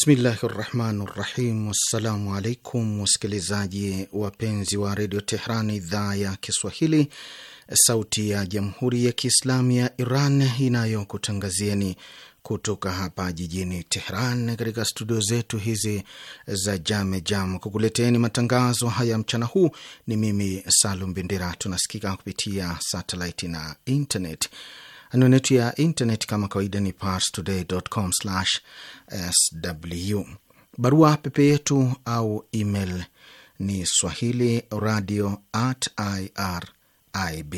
Bismillahi rahmani rahim. Wassalamu alaikum wasikilizaji wapenzi wa redio Tehran, idhaa ya Kiswahili, sauti ya jamhuri ya kiislamu ya Iran inayokutangazieni kutoka hapa jijini Tehran katika studio zetu hizi za Jame Jam kukuleteeni matangazo haya mchana huu. Ni mimi Salum Bendera. Tunasikika kupitia satelaiti na internet. Anwani yetu ya internet kama kawaida ni parstoday.com/sw. Barua pepe yetu au email ni swahili radio at irib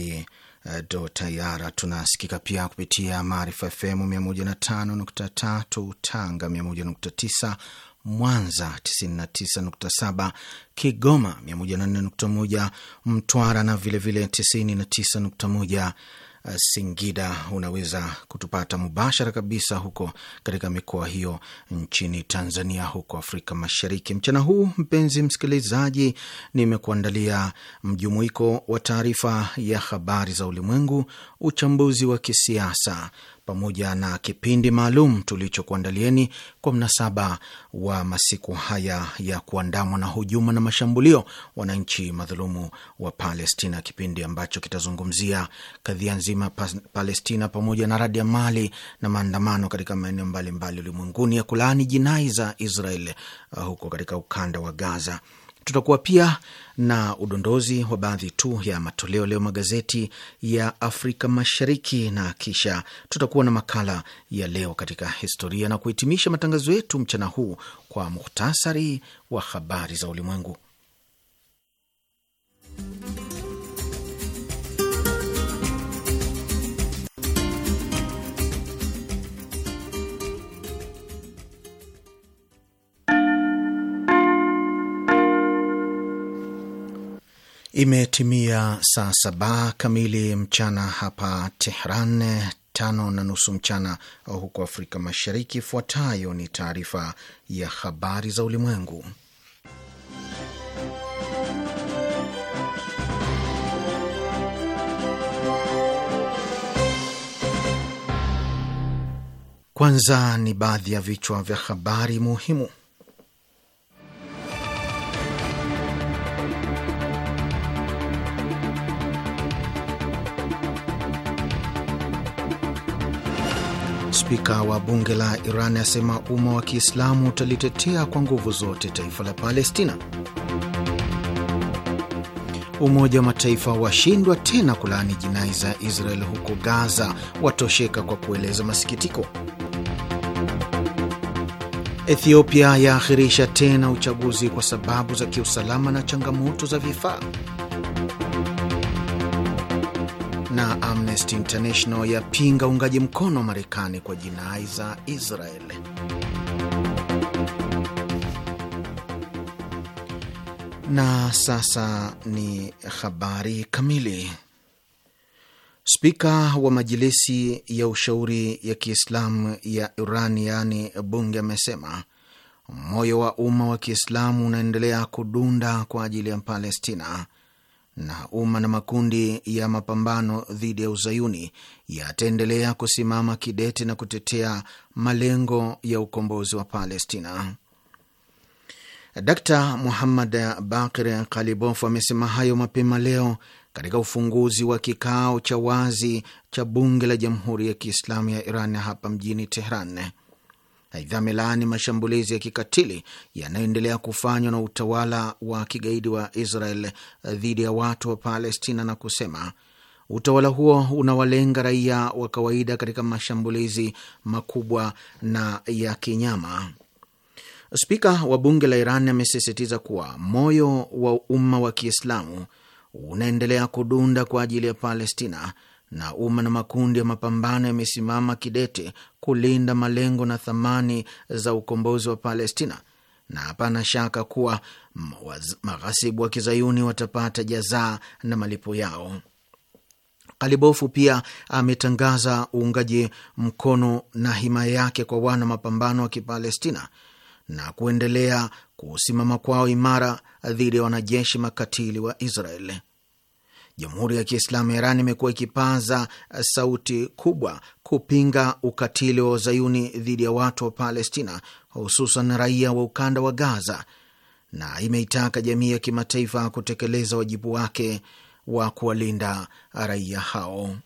tayara. Tunasikika pia kupitia Maarifa FM 105.3 Tanga, 101.9 Mwanza, 99.7 Kigoma, 104.1 Mtwara na vilevile 99.1 Eh, Singida, unaweza kutupata mubashara kabisa huko katika mikoa hiyo nchini Tanzania, huko Afrika Mashariki. Mchana huu, mpenzi msikilizaji, nimekuandalia mjumuiko wa taarifa ya habari za ulimwengu uchambuzi wa kisiasa pamoja na kipindi maalum tulichokuandalieni kwa mnasaba wa masiku haya ya kuandamwa na hujuma na mashambulio wananchi madhulumu wa Palestina, kipindi ambacho kitazungumzia kadhia nzima Palestina pamoja na radi ya mali na maandamano katika maeneo mbalimbali ulimwenguni ya kulaani jinai za Israel uh, huko katika ukanda wa Gaza. Tutakuwa pia na udondozi wa baadhi tu ya matoleo leo magazeti ya Afrika Mashariki, na kisha tutakuwa na makala ya leo katika historia na kuhitimisha matangazo yetu mchana huu kwa muhtasari wa habari za ulimwengu. Imetimia saa saba kamili mchana hapa Tehran, tano na nusu mchana huko Afrika Mashariki. Ifuatayo ni taarifa ya habari za ulimwengu, kwanza ni baadhi ya vichwa vya habari muhimu. Spika wa bunge la Iran asema umma wa Kiislamu utalitetea kwa nguvu zote taifa la Palestina. Umoja wa Mataifa washindwa tena kulaani jinai za Israel huko Gaza, watosheka kwa kueleza masikitiko. Ethiopia yaahirisha tena uchaguzi kwa sababu za kiusalama na changamoto za vifaa na Amnesty International yapinga uungaji mkono wa Marekani kwa jinai za Israel. Na sasa ni habari kamili. Spika wa Majilisi ya Ushauri ya Kiislamu ya Iran, yaani bunge, amesema moyo wa umma wa Kiislamu unaendelea kudunda kwa ajili ya Palestina na umma na makundi ya mapambano dhidi ya uzayuni yataendelea kusimama kidete na kutetea malengo ya ukombozi wa Palestina. Dkt Muhammad Bakir Kalibof amesema hayo mapema leo katika ufunguzi wa kikao cha wazi cha bunge la Jamhuri ya Kiislamu ya Iran hapa mjini Tehran. Aidha, amelaani mashambulizi ya kikatili yanayoendelea kufanywa na utawala wa kigaidi wa Israel dhidi ya watu wa Palestina na kusema utawala huo unawalenga raia wa kawaida katika mashambulizi makubwa na ya kinyama. Spika wa bunge la Iran amesisitiza kuwa moyo wa umma wa Kiislamu unaendelea kudunda kwa ajili ya Palestina na umma na makundi ya mapambano yamesimama kidete kulinda malengo na thamani za ukombozi wa Palestina, na hapana shaka kuwa maghasibu wa kizayuni watapata jazaa na malipo yao. Kalibofu pia ametangaza uungaji mkono na himaya yake kwa wana mapambano wa Kipalestina na kuendelea kusimama kwao imara dhidi ya wanajeshi makatili wa Israeli. Jamhuri ya Kiislamu ya Iran imekuwa ikipaza eh, sauti kubwa kupinga ukatili wa wazayuni dhidi ya watu wa Palestina, hususan raia wa ukanda wa Gaza, na imeitaka jamii ya kimataifa kutekeleza wajibu wake wa kuwalinda raia hao.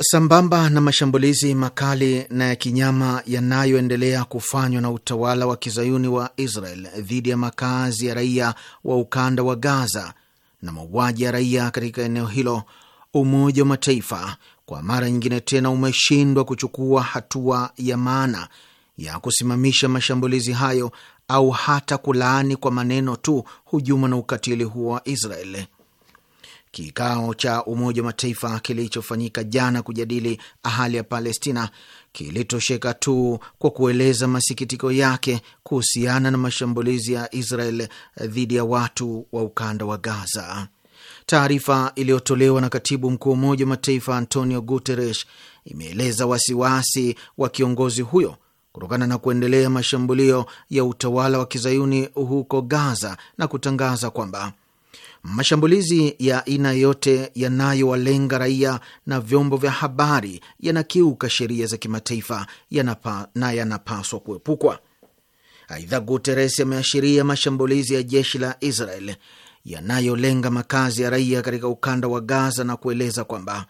Sambamba na mashambulizi makali na ya kinyama yanayoendelea kufanywa na utawala wa kizayuni wa Israel dhidi ya makazi ya raia wa ukanda wa Gaza, na mauaji ya raia katika eneo hilo, Umoja wa Mataifa kwa mara nyingine tena umeshindwa kuchukua hatua ya maana ya kusimamisha mashambulizi hayo au hata kulaani kwa maneno tu hujuma na ukatili huo wa Israeli. Kikao cha Umoja wa Mataifa kilichofanyika jana kujadili hali ya Palestina kilitosheka tu kwa kueleza masikitiko yake kuhusiana na mashambulizi ya Israel dhidi ya watu wa ukanda wa Gaza. Taarifa iliyotolewa na katibu mkuu wa Umoja wa Mataifa Antonio Guterres imeeleza wasiwasi wa kiongozi huyo kutokana na kuendelea mashambulio ya utawala wa kizayuni huko Gaza na kutangaza kwamba Mashambulizi ya aina yote yanayowalenga raia na vyombo vya habari yanakiuka sheria za kimataifa yanapa, na yanapaswa kuepukwa. Aidha, Guteres ameashiria mashambulizi ya jeshi la Israel yanayolenga makazi ya raia katika ukanda wa Gaza na kueleza kwamba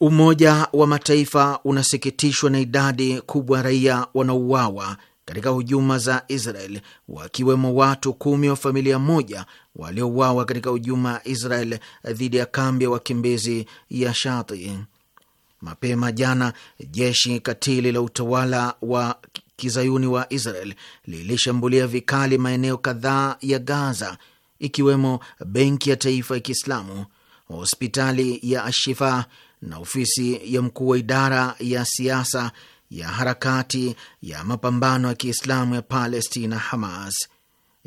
Umoja wa Mataifa unasikitishwa na idadi kubwa ya raia wanauawa katika hujuma za Israel wakiwemo watu kumi wa familia moja waliouawa katika hujuma Israel dhidi ya kambi ya wakimbizi ya Shati. Mapema jana jeshi katili la utawala wa kizayuni wa Israel lilishambulia vikali maeneo kadhaa ya Gaza, ikiwemo benki ya taifa ya Kiislamu, hospitali ya Ashifa na ofisi ya mkuu wa idara ya siasa ya harakati ya mapambano ya Kiislamu ya Palestina, Hamas.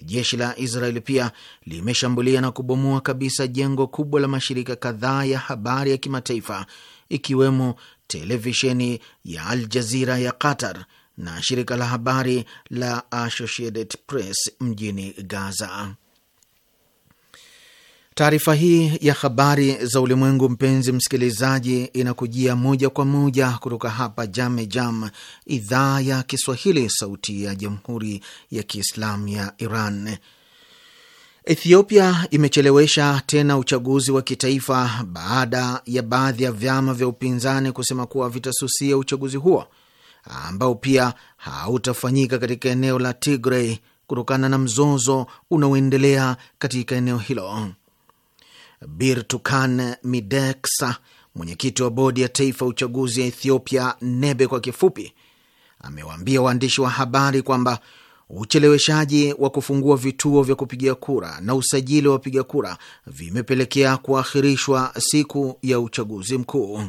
Jeshi la Israeli pia limeshambulia na kubomoa kabisa jengo kubwa la mashirika kadhaa ya habari ya kimataifa ikiwemo televisheni ya Al Jazira ya Qatar na shirika la habari la Associated Press mjini Gaza. Taarifa hii ya habari za ulimwengu, mpenzi msikilizaji, inakujia moja kwa moja kutoka hapa Jame Jam, idhaa ya Kiswahili, sauti ya jamhuri ya kiislamu ya Iran. Ethiopia imechelewesha tena uchaguzi wa kitaifa baada ya baadhi ya vyama vya upinzani kusema kuwa vitasusia uchaguzi huo ambao pia hautafanyika katika eneo la Tigray kutokana na mzozo unaoendelea katika eneo hilo. Birtukan Mideksa, mwenyekiti wa bodi ya taifa ya uchaguzi ya Ethiopia, NEBE kwa kifupi, amewaambia waandishi wa habari kwamba ucheleweshaji wa kufungua vituo vya kupigia kura na usajili wa wapiga kura vimepelekea kuahirishwa siku ya uchaguzi mkuu.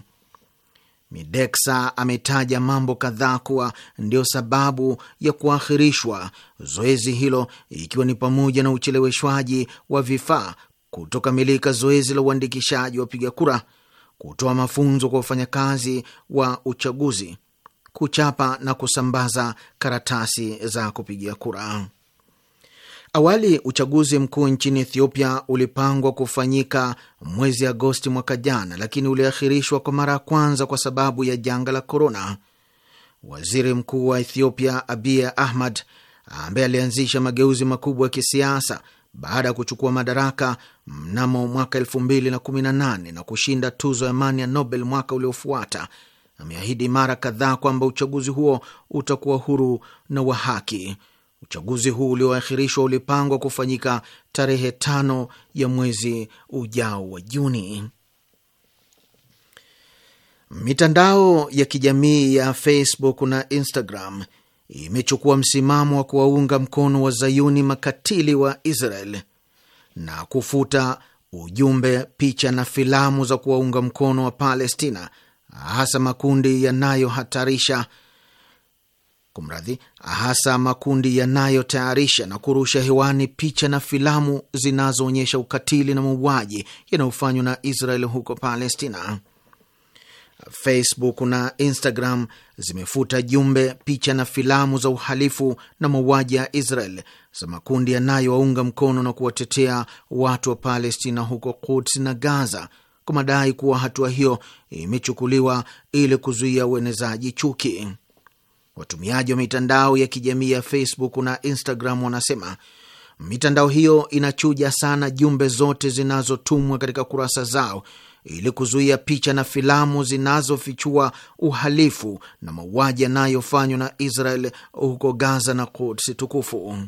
Mideksa ametaja mambo kadhaa kuwa ndio sababu ya kuahirishwa zoezi hilo, ikiwa ni pamoja na ucheleweshwaji wa vifaa kutokamilika zoezi la uandikishaji wa wapiga kura, kutoa mafunzo kwa wafanyakazi wa uchaguzi, kuchapa na kusambaza karatasi za kupigia kura. Awali uchaguzi mkuu nchini Ethiopia ulipangwa kufanyika mwezi Agosti mwaka jana, lakini uliahirishwa kwa mara ya kwanza kwa sababu ya janga la korona. Waziri mkuu wa Ethiopia Abiy Ahmed, ambaye alianzisha mageuzi makubwa ya kisiasa baada ya kuchukua madaraka mnamo mwaka mbili na kushinda tuzo ya amani ya Nobel mwaka uliofuata, ameahidi mara kadhaa kwamba uchaguzi huo utakuwa huru na wa haki. Uchaguzi huu ulioahirishwa ulipangwa kufanyika tarehe tano ya mwezi ujao wa Juni. Mitandao ya kijamii ya Facebook na Instagram imechukua msimamo wa kuwaunga mkono wa zayuni makatili wa Israel na kufuta ujumbe, picha na filamu za kuwaunga mkono wa Palestina, hasa makundi yanayohatarisha kumradhi, hasa makundi yanayotayarisha na kurusha hewani picha na filamu zinazoonyesha ukatili na mauaji yanayofanywa na Israel huko Palestina. Facebook na Instagram zimefuta jumbe, picha na filamu za uhalifu na mauaji ya Israel za makundi yanayowaunga mkono na kuwatetea watu wa Palestina huko Quds na Gaza kwa madai kuwa hatua hiyo imechukuliwa ili kuzuia uenezaji chuki. Watumiaji wa mitandao ya kijamii ya Facebook na Instagram wanasema mitandao hiyo inachuja sana jumbe zote zinazotumwa katika kurasa zao ili kuzuia picha na filamu zinazofichua uhalifu na mauaji yanayofanywa na Israel huko Gaza na Quds tukufu.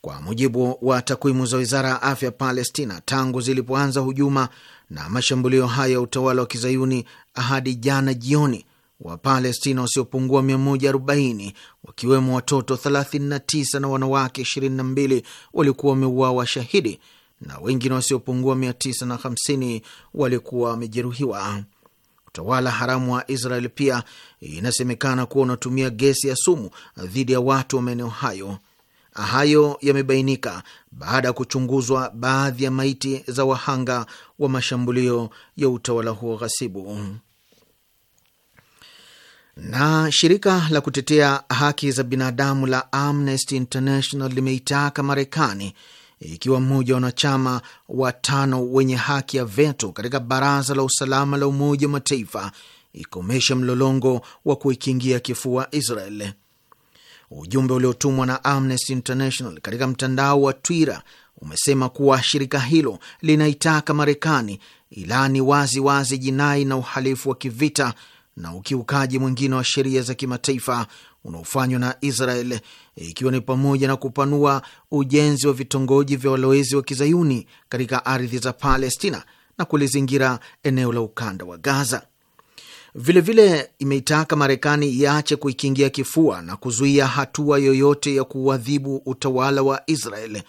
Kwa mujibu wa takwimu za wizara ya afya Palestina, tangu zilipoanza hujuma na mashambulio hayo ya utawala wa kizayuni hadi jana jioni, Wapalestina wasiopungua 140 wakiwemo watoto 39 na wanawake 22 walikuwa wameuawa shahidi na wengine wasiopungua 950 walikuwa wamejeruhiwa. Utawala haramu wa Israel pia inasemekana kuwa unatumia gesi ya sumu dhidi ya watu wa maeneo hayo. Hayo yamebainika baada ya kuchunguzwa baadhi ya maiti za wahanga wa mashambulio ya utawala huo ghasibu. Na shirika la kutetea haki za binadamu la Amnesty International limeitaka Marekani Eh, ikiwa mmoja wa wanachama watano wenye haki ya veto katika Baraza la Usalama la Umoja wa Mataifa ikomeshe mlolongo wa kuikingia kifua Israel. Ujumbe uliotumwa na Amnesty International katika mtandao wa Twitter umesema kuwa shirika hilo linaitaka Marekani ilani wazi wazi jinai na uhalifu wa kivita na ukiukaji mwingine wa sheria za kimataifa unaofanywa na Israel, ikiwa ni pamoja na kupanua ujenzi wa vitongoji vya walowezi wa kizayuni katika ardhi za Palestina na kulizingira eneo la ukanda wa Gaza. Vilevile imeitaka Marekani iache kuikingia kifua na kuzuia hatua yoyote ya kuuadhibu utawala wa Israel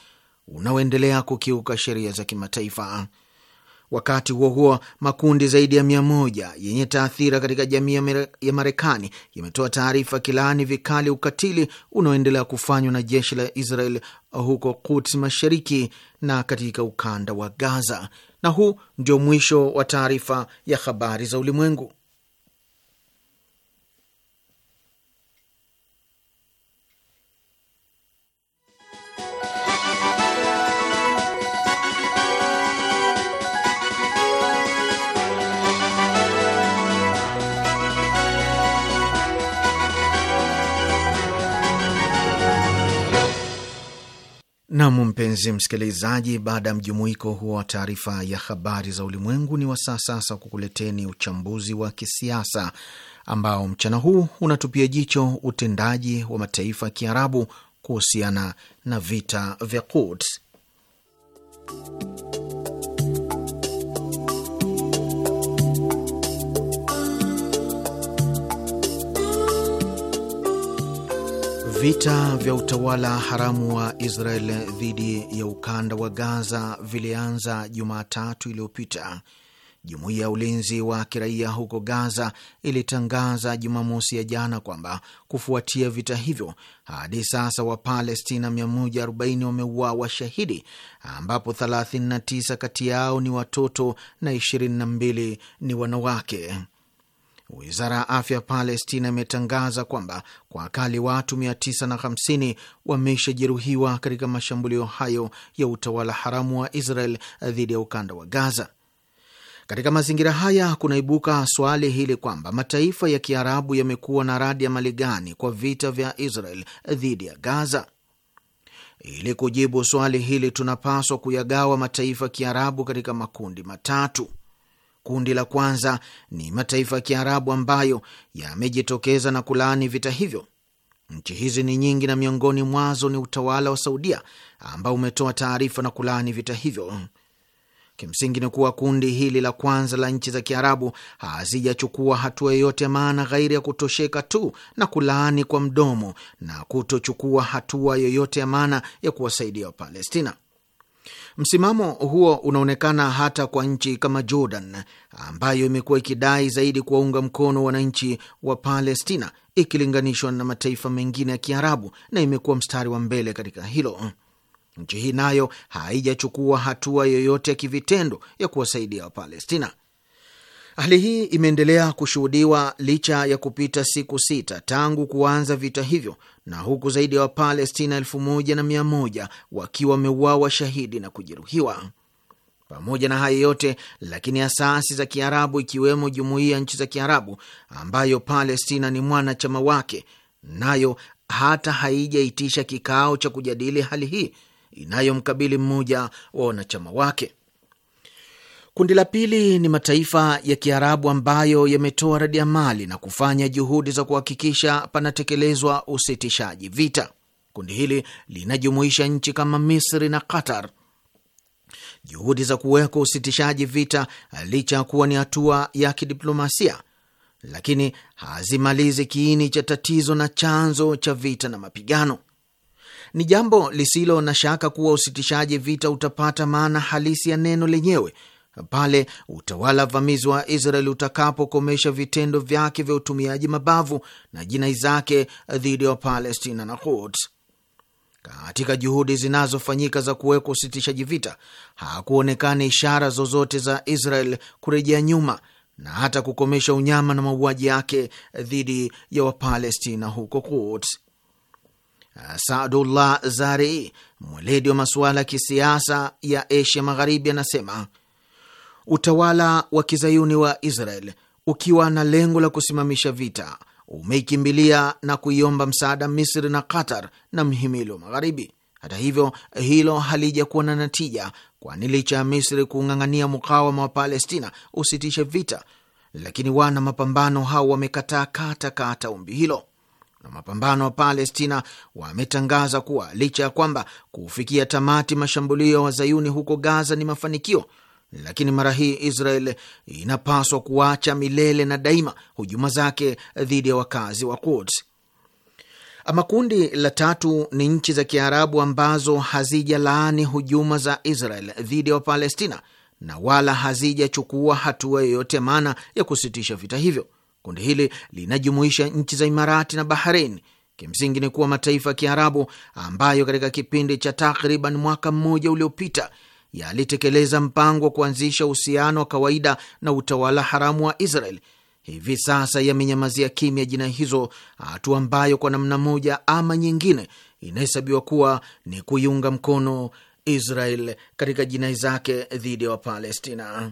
unaoendelea kukiuka sheria za kimataifa. Wakati huo huo, makundi zaidi ya mia moja yenye taathira katika jamii ya Marekani yametoa taarifa kilaani vikali ukatili unaoendelea kufanywa na jeshi la Israel huko Quds Mashariki na katika ukanda wa Gaza. Na huu ndio mwisho wa taarifa ya habari za ulimwengu. Nam, mpenzi msikilizaji, baada ya mjumuiko huo wa taarifa ya habari za ulimwengu, ni wasaa sasa kukuleteni uchambuzi wa kisiasa ambao mchana huu unatupia jicho utendaji wa mataifa ya Kiarabu kuhusiana na vita vya Quds. Vita vya utawala haramu wa Israel dhidi ya ukanda wa Gaza vilianza Jumatatu iliyopita. Jumuiya ya ulinzi wa kiraia huko Gaza ilitangaza Jumamosi ya jana kwamba kufuatia vita hivyo, hadi sasa Wapalestina 140 wameuawa shahidi, ambapo 39 kati yao ni watoto na 22 ni wanawake. Wizara ya afya Palestina imetangaza kwamba kwa akali watu 950 wameshajeruhiwa katika mashambulio hayo ya utawala haramu wa Israel dhidi ya ukanda wa Gaza. Katika mazingira haya kunaibuka swali hili kwamba mataifa ya Kiarabu yamekuwa na radi ya mali gani kwa vita vya Israel dhidi ya Gaza? Ili kujibu swali hili, tunapaswa kuyagawa mataifa ya Kiarabu katika makundi matatu. Kundi la kwanza ni mataifa ya Kiarabu ambayo yamejitokeza na kulaani vita hivyo. Nchi hizi ni nyingi na miongoni mwazo ni utawala wa Saudia ambao umetoa taarifa na kulaani vita hivyo. Kimsingi ni kuwa kundi hili la kwanza la nchi za Kiarabu hazijachukua hatua yoyote ya maana ghairi ya kutosheka tu na kulaani kwa mdomo na kutochukua hatua yoyote ya maana ya kuwasaidia Wapalestina. Msimamo huo unaonekana hata kwa nchi kama Jordan ambayo imekuwa ikidai zaidi kuwaunga mkono wananchi wa Palestina ikilinganishwa na mataifa mengine ya Kiarabu na imekuwa mstari wa mbele katika hilo. Nchi hii nayo haijachukua hatua yoyote ya kivitendo ya kuwasaidia Wapalestina. Hali hii imeendelea kushuhudiwa licha ya kupita siku sita tangu kuanza vita hivyo, na huku zaidi ya wa Wapalestina elfu moja na mia moja wakiwa wameuawa shahidi na kujeruhiwa. Pamoja na hayo yote lakini, asasi za Kiarabu ikiwemo Jumuiya ya Nchi za Kiarabu ambayo Palestina ni mwanachama wake, nayo hata haijaitisha kikao cha kujadili hali hii inayomkabili mmoja wa wanachama wake. Kundi la pili ni mataifa ya Kiarabu ambayo yametoa radiamali na kufanya juhudi za kuhakikisha panatekelezwa usitishaji vita. Kundi hili linajumuisha nchi kama Misri na Qatar. Juhudi za kuwekwa usitishaji vita, licha ya kuwa ni hatua ya kidiplomasia, lakini hazimalizi kiini cha tatizo na chanzo cha vita na mapigano. Ni jambo lisilo na shaka kuwa usitishaji vita utapata maana halisi ya neno lenyewe pale utawala vamizi wa Israeli utakapokomesha vitendo vyake vya utumiaji mabavu na jinai zake dhidi ya Palestina na Quds. Katika juhudi zinazofanyika za kuwekwa usitishaji vita, hakuonekana ishara zozote za Israel kurejea nyuma na hata kukomesha unyama na mauaji yake dhidi ya Wapalestina huko Quds. Saadullah Zarei, mweledi wa masuala ya kisiasa ya Asia Magharibi, anasema utawala wa kizayuni wa Israel ukiwa na lengo la kusimamisha vita umeikimbilia na kuiomba msaada Misri na Qatar na mhimili wa Magharibi. Hata hivyo, hilo halijakuwa na natija, kwani licha ya Misri kungang'ania mukawama wa Palestina usitishe vita, lakini wana mapambano hao wamekataa kata kata ombi hilo na mapambano wa Palestina wametangaza kuwa licha ya kwamba kufikia tamati mashambulio ya wa wazayuni huko Gaza ni mafanikio lakini mara hii Israel inapaswa kuacha milele na daima hujuma zake dhidi ya wakazi wa Quds. Ama kundi la tatu ni nchi za Kiarabu ambazo hazijalaani hujuma za Israel dhidi ya Wapalestina na wala hazijachukua hatua yoyote maana ya kusitisha vita hivyo. Kundi hili linajumuisha nchi za Imarati na Bahrein. Kimsingi ni kuwa mataifa ya Kiarabu ambayo katika kipindi cha takriban mwaka mmoja uliopita yalitekeleza mpango wa kuanzisha uhusiano wa kawaida na utawala haramu wa Israel, hivi sasa yamenyamazia kimya jina hizo, hatua ambayo kwa namna moja ama nyingine inahesabiwa kuwa ni kuiunga mkono Israel katika jinai zake dhidi ya Wapalestina.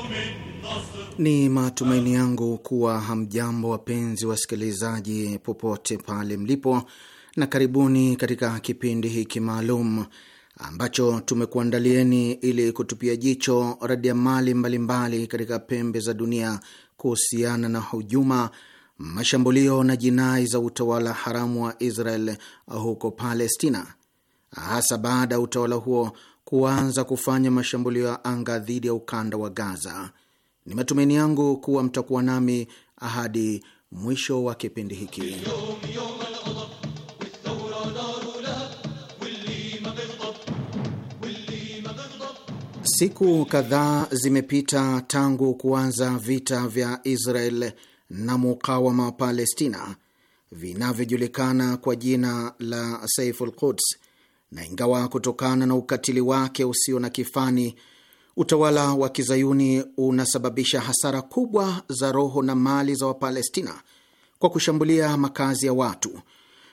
Ni matumaini yangu kuwa hamjambo, wapenzi wasikilizaji, popote pale mlipo, na karibuni katika kipindi hiki maalum ambacho tumekuandalieni ili kutupia jicho radiamali mbalimbali katika pembe za dunia kuhusiana na hujuma, mashambulio na jinai za utawala haramu wa Israel huko Palestina, hasa baada ya utawala huo kuanza kufanya mashambulio ya anga dhidi ya ukanda wa Gaza. Ni matumaini yangu kuwa mtakuwa nami hadi mwisho wa kipindi hiki. Siku kadhaa zimepita tangu kuanza vita vya Israel na mukawama wa Palestina vinavyojulikana kwa jina la Saiful Quds, na ingawa kutokana na ukatili wake usio na kifani Utawala wa kizayuni unasababisha hasara kubwa za roho na mali za Wapalestina kwa kushambulia makazi ya watu,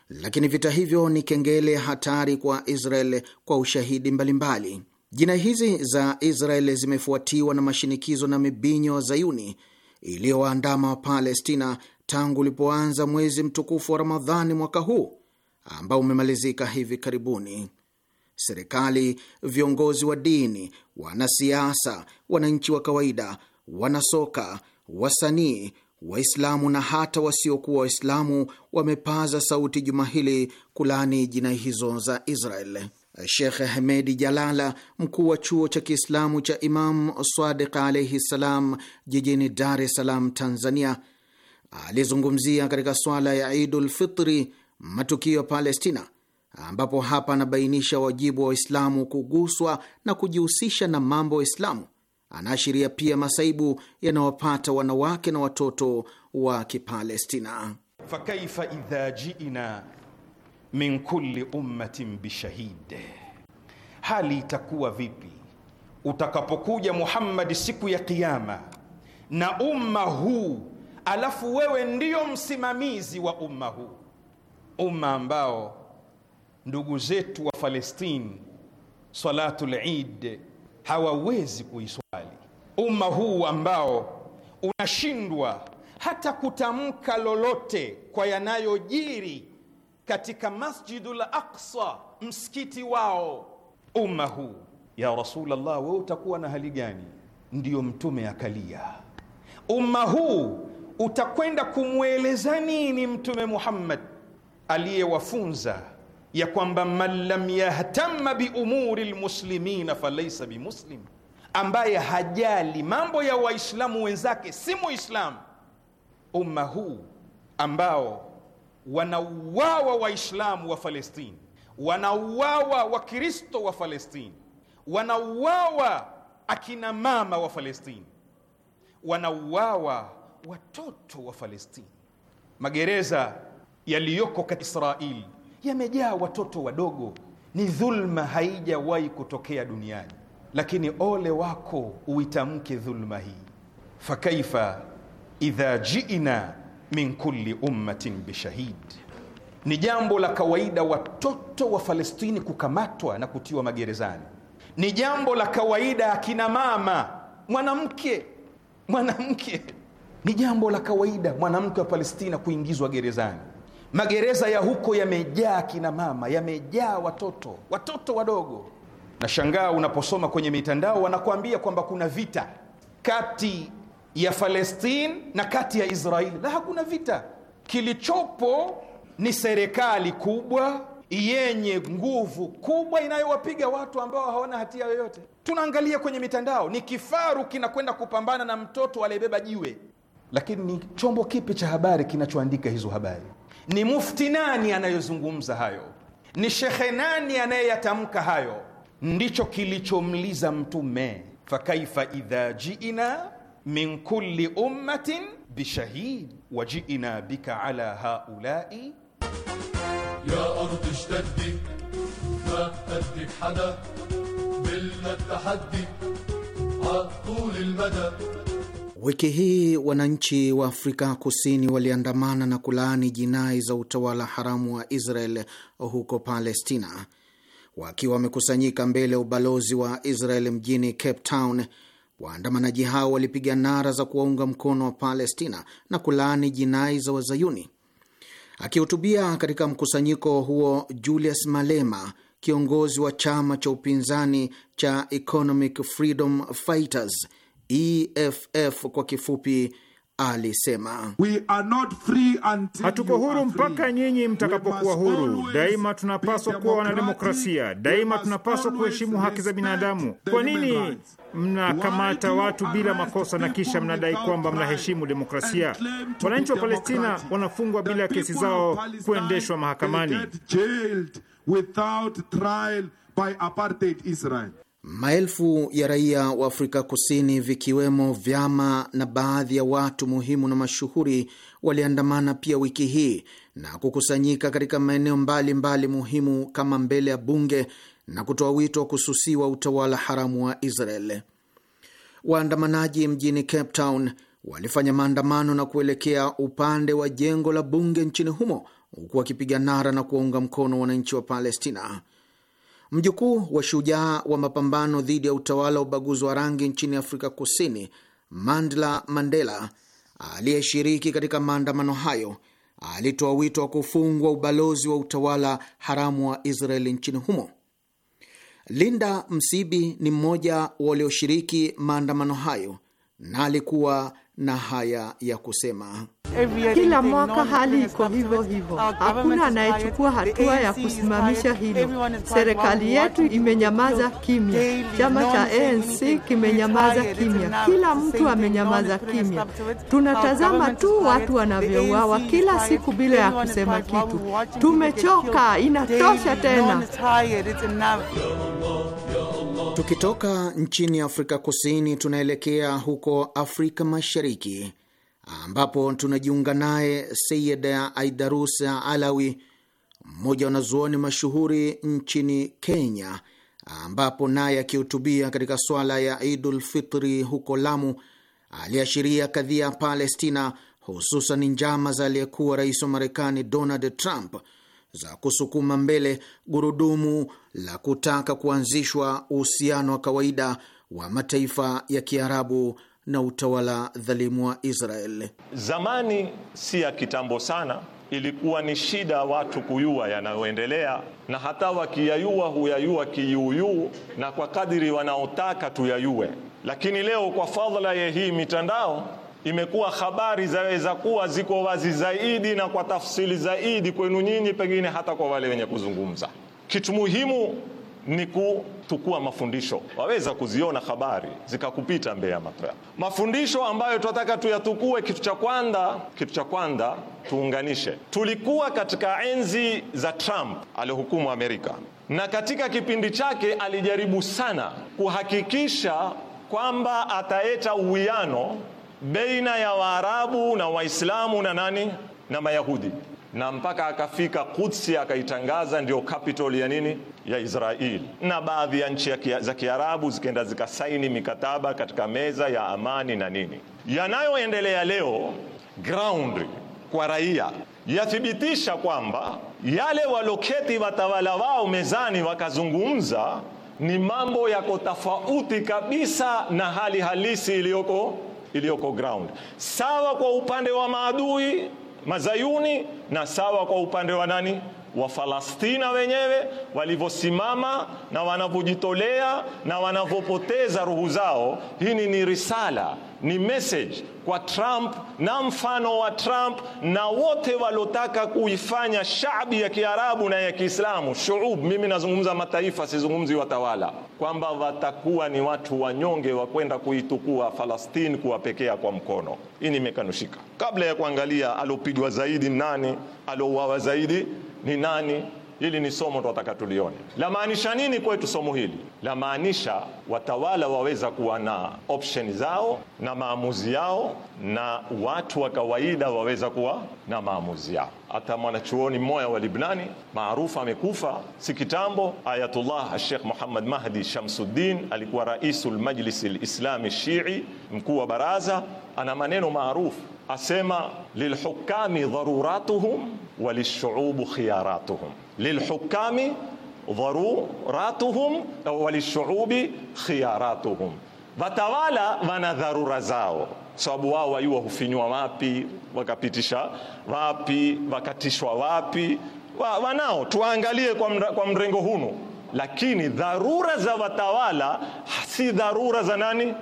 lakini vita hivyo ni kengele hatari kwa Israel kwa ushahidi mbalimbali. Jinai hizi za Israel zimefuatiwa na mashinikizo na mibinyo wa zayuni iliyowaandama Wapalestina tangu ulipoanza mwezi mtukufu wa Ramadhani mwaka huu ambao umemalizika hivi karibuni serikali, viongozi wa dini, wanasiasa, wananchi wa kawaida, wanasoka, wasanii, Waislamu na hata wasiokuwa Waislamu wamepaza sauti juma hili kulani jinai hizo za Israel. Shekh Ahmedi Jalala, mkuu wa chuo cha Kiislamu cha Imam Sadiq alaihi ssalam jijini Dar es Salaam, Tanzania, alizungumzia katika swala ya Idul Fitri matukio ya Palestina ambapo hapa anabainisha wajibu wa Waislamu kuguswa na kujihusisha na mambo ya Waislamu. Anaashiria pia masaibu yanawapata wanawake na watoto wa Kipalestina. fakaifa idha jiina min kulli ummatin bishahid, hali itakuwa vipi utakapokuja Muhammadi siku ya Kiyama na umma huu, alafu wewe ndiyo msimamizi wa umma huu, umma ambao ndugu zetu wa falestini salatul Eid hawawezi kuiswali. Umma huu ambao unashindwa hata kutamka lolote kwa yanayojiri katika Masjidul Aqsa, msikiti wao. Umma huu ya Rasulullah, wewe utakuwa na hali gani? Ndiyo Mtume akalia. Umma huu utakwenda kumweleza nini Mtume Muhammad aliyewafunza ya kwamba man lam yahtamma biumuri lmuslimina falaisa bimuslim, ambaye hajali mambo ya waislamu wenzake si muislamu. Umma huu ambao wanauawa waislamu wa Falestini, wanauawa wakristo wa Falestini, wanauawa akina mama wa Falestini, wanauawa watoto wa Falestini. Magereza yaliyoko katika Israeli yamejaa watoto wadogo. Ni dhulma haijawahi kutokea duniani, lakini ole wako uitamke dhulma hii. Fakaifa idha jiina min kulli ummatin bishahid, ni jambo la kawaida watoto wa Falestini kukamatwa na kutiwa magerezani. Ni jambo la kawaida akina mama, mwanamke mwanamke, ni jambo la kawaida mwanamke wa Palestina kuingizwa gerezani Magereza ya huko yamejaa kina mama, yamejaa watoto, watoto wadogo. Nashangaa unaposoma kwenye mitandao wanakuambia kwamba kuna vita kati ya falestini na kati ya Israeli. La, hakuna vita. Kilichopo ni serikali kubwa yenye nguvu kubwa inayowapiga watu ambao hawana hatia yoyote. Tunaangalia kwenye mitandao, ni kifaru kinakwenda kupambana na mtoto aliyebeba jiwe, lakini ni chombo kipi cha habari kinachoandika hizo habari? ni mufti nani anayozungumza hayo ni shekhe nani anayeyatamka hayo ndicho kilichomliza mtume fakaifa idha jiina min kulli ummatin bishahid jiina bika ala haulai يا أرض اشتدي ما قدك حدا بالتحدي على طول المدى Wiki hii wananchi wa Afrika Kusini waliandamana na kulaani jinai za utawala haramu wa Israel huko Palestina, wakiwa wamekusanyika mbele ya ubalozi wa Israel mjini Cape Town. Waandamanaji hao walipiga nara za kuwaunga mkono wa Palestina na kulaani jinai za Wazayuni. Akihutubia katika mkusanyiko huo, Julius Malema, kiongozi wa chama cha upinzani cha Economic Freedom Fighters EFF kwa kifupi, alisema We are not free until hatuko huru mpaka nyinyi mtakapokuwa huru. Daima tunapaswa kuwa wanademokrasia, daima tunapaswa kuheshimu haki za binadamu. Kwa nini mnakamata watu bila makosa na kisha mnadai kwamba mnaheshimu demokrasia? Wananchi wa Palestina wanafungwa bila ya kesi zao kuendeshwa mahakamani. Maelfu ya raia wa Afrika Kusini, vikiwemo vyama na baadhi ya watu muhimu na mashuhuri, waliandamana pia wiki hii na kukusanyika katika maeneo mbalimbali muhimu kama mbele ya bunge na kutoa wito wa kususiwa utawala haramu wa Israel. Waandamanaji mjini Cape Town walifanya maandamano na kuelekea upande wa jengo la bunge nchini humo, huku wakipiga nara na kuwaunga mkono wananchi wa Palestina mjukuu wa shujaa wa mapambano dhidi ya utawala wa ubaguzi wa rangi nchini Afrika Kusini, Mandla Mandela, aliyeshiriki katika maandamano hayo, alitoa wito wa kufungwa ubalozi wa utawala haramu wa Israeli nchini humo. Linda Msibi ni mmoja walioshiriki maandamano hayo na alikuwa na haya ya kusema: kila mwaka hali iko hivyo hivyo, hakuna anayechukua hatua ya kusimamisha hilo. Serikali yetu imenyamaza kimya, chama cha ANC kimenyamaza kimya, kila mtu amenyamaza kimya. Tunatazama tu watu wanavyouawa kila siku bila ya kusema kitu. Tumechoka, inatosha tena. Tukitoka nchini Afrika Kusini, tunaelekea huko Afrika Mashariki, ambapo tunajiunga naye Sayid Aidarus Alawi, mmoja wa wanazuoni mashuhuri nchini Kenya, ambapo naye akihutubia katika swala ya Idul Fitri huko Lamu aliashiria kadhia Palestina, hususan njama za aliyekuwa rais wa Marekani Donald Trump za kusukuma mbele gurudumu la kutaka kuanzishwa uhusiano wa kawaida wa mataifa ya Kiarabu na utawala dhalimu wa Israel. Zamani si ya kitambo sana, ilikuwa ni shida watu kuyua yanayoendelea, na hata wakiyayua huyayua kiyuyuu, na kwa kadiri wanaotaka tuyayue. Lakini leo kwa fadhila ya hii mitandao imekuwa habari zaweza kuwa ziko wazi zaidi na kwa tafsili zaidi kwenu nyinyi, pengine hata kwa wale wenye kuzungumza. Kitu muhimu ni kutukua mafundisho. Waweza kuziona habari zikakupita mbele ya macho. Mafundisho ambayo tunataka tuyatukue, kitu cha kwanza, kitu cha kwanza tuunganishe. Tulikuwa katika enzi za Trump aliyohukumu Amerika, na katika kipindi chake alijaribu sana kuhakikisha kwamba ataeta uwiano baina ya Waarabu na Waislamu na nani na Mayahudi, na mpaka akafika Kudsi akaitangaza ndio capital ya nini ya Israeli, na baadhi ya nchi za Kiarabu zikaenda zikasaini mikataba katika meza ya amani na nini. Yanayoendelea leo ground kwa raia yathibitisha kwamba yale waloketi watawala wao mezani wakazungumza ni mambo yako tofauti kabisa na hali halisi iliyoko iliyoko ground, sawa kwa upande wa maadui mazayuni na sawa kwa upande wa nani Wafalastina wenyewe walivyosimama na wanavyojitolea na wanavyopoteza ruhu zao. Hii ni risala ni message kwa Trump na mfano wa Trump na wote walotaka kuifanya shabi ya Kiarabu na ya Kiislamu, shuub, mimi nazungumza mataifa, sizungumzi watawala, kwamba watakuwa ni watu wanyonge wa kwenda kuitukua Falastini kuwapekea kwa mkono. Hii nimekanushika, kabla ya kuangalia alopigwa zaidi nani, alouawa zaidi ni nani Hili ni somo twataka tulione, lamaanisha nini kwetu somo hili? Lamaanisha watawala waweza kuwa na option zao na maamuzi yao, na watu wa kawaida waweza kuwa na maamuzi yao. Hata mwanachuoni mmoja wa Libnani maarufu amekufa si kitambo, Ayatullah Sheikh Muhammad Mahdi Shamsuddin, alikuwa raisul majlis lislami shii, mkuu wa baraza. Ana maneno maarufu asema, lilhukami dharuratuhum walishuubu khiyaratuhum lilhukami dharuratuhum walishuubi khiyaratuhum, watawala wana dharura zao sababu wao wayuwa hufinywa wapi wakapitisha wapi wakatishwa wapi wa, wanao tuwaangalie kwa, mra, kwa mrengo huno lakini dharura za watawala si dharura za nani?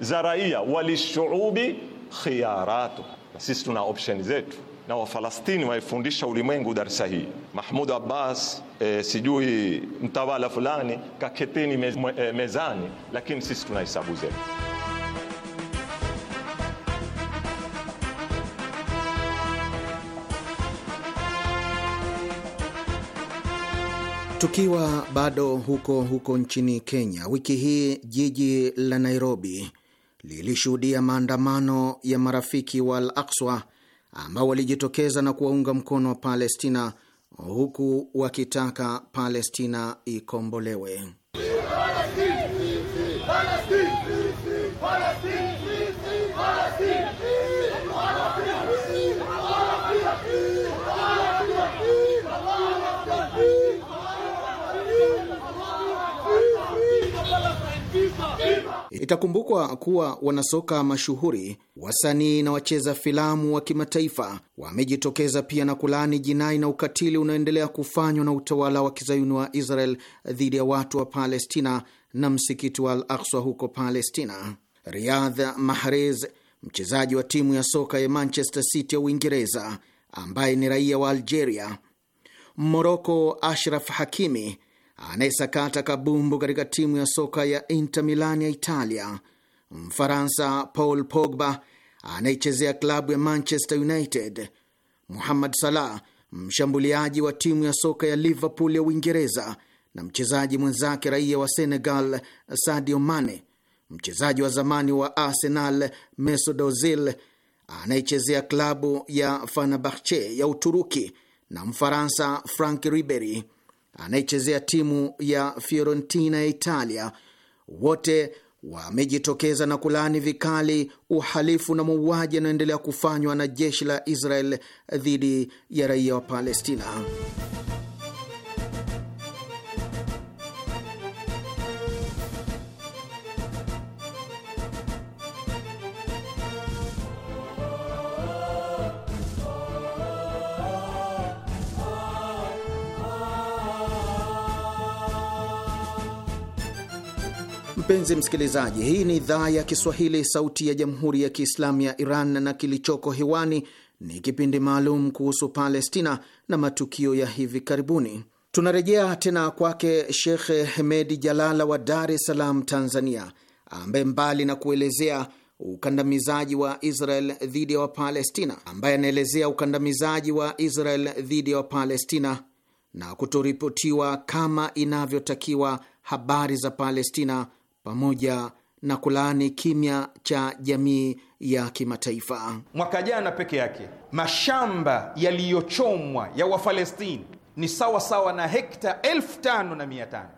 Za raia. Walishuubi khiyaratu, na sisi tuna option zetu na Wafalastini waifundisha ulimwengu darsa hii. Mahmud Abbas e, sijui mtawala fulani kaketeni mez, e, eh, mezani, lakini sisi tuna hesabu zetu. Tukiwa bado huko huko nchini Kenya, wiki hii jiji la Nairobi lilishuhudia maandamano ya marafiki wa Al Akswa ambao walijitokeza na kuwaunga mkono wa Palestina huku wakitaka Palestina ikombolewe. Itakumbukwa kuwa wanasoka mashuhuri, wasanii na wacheza filamu wa kimataifa wamejitokeza pia na kulaani jinai na ukatili unaoendelea kufanywa na utawala wa kizayuni wa Israel dhidi ya watu wa Palestina na msikiti wa Al akswa huko Palestina. riadh Mahrez, mchezaji wa timu ya soka ya Manchester City ya Uingereza ambaye ni raia wa Algeria, Moroko Ashraf Hakimi anayesakata kabumbu katika timu ya soka ya Inter Milan ya Italia, Mfaransa Paul Pogba anayechezea klabu ya Manchester United, Muhammad Salah mshambuliaji wa timu ya soka ya Liverpool ya Uingereza na mchezaji mwenzake raia wa Senegal Sadio Mane, mchezaji wa zamani wa Arsenal Mesut Ozil anayechezea klabu ya Fenerbahce ya Uturuki na Mfaransa frank Ribery anayechezea timu ya Fiorentina ya Italia, wote wamejitokeza na kulaani vikali uhalifu na mauaji yanayoendelea kufanywa na jeshi la Israel dhidi ya raia wa Palestina. Mpenzi msikilizaji, hii ni idhaa ya Kiswahili, sauti ya jamhuri ya kiislamu ya Iran, na kilichoko hewani ni kipindi maalum kuhusu Palestina na matukio ya hivi karibuni. Tunarejea tena kwake shekhe Hemedi Jalala wa Dar es Salaam, Tanzania, ambaye mbali na kuelezea ukandamizaji wa Israel dhidi ya Wapalestina, ambaye anaelezea ukandamizaji wa Israel dhidi ya Wapalestina na kutoripotiwa kama inavyotakiwa habari za Palestina pamoja na kulaani kimya cha jamii ya kimataifa. Mwaka jana peke yake mashamba yaliyochomwa ya Wafalestini ni sawa sawa na hekta elfu tano na mia tano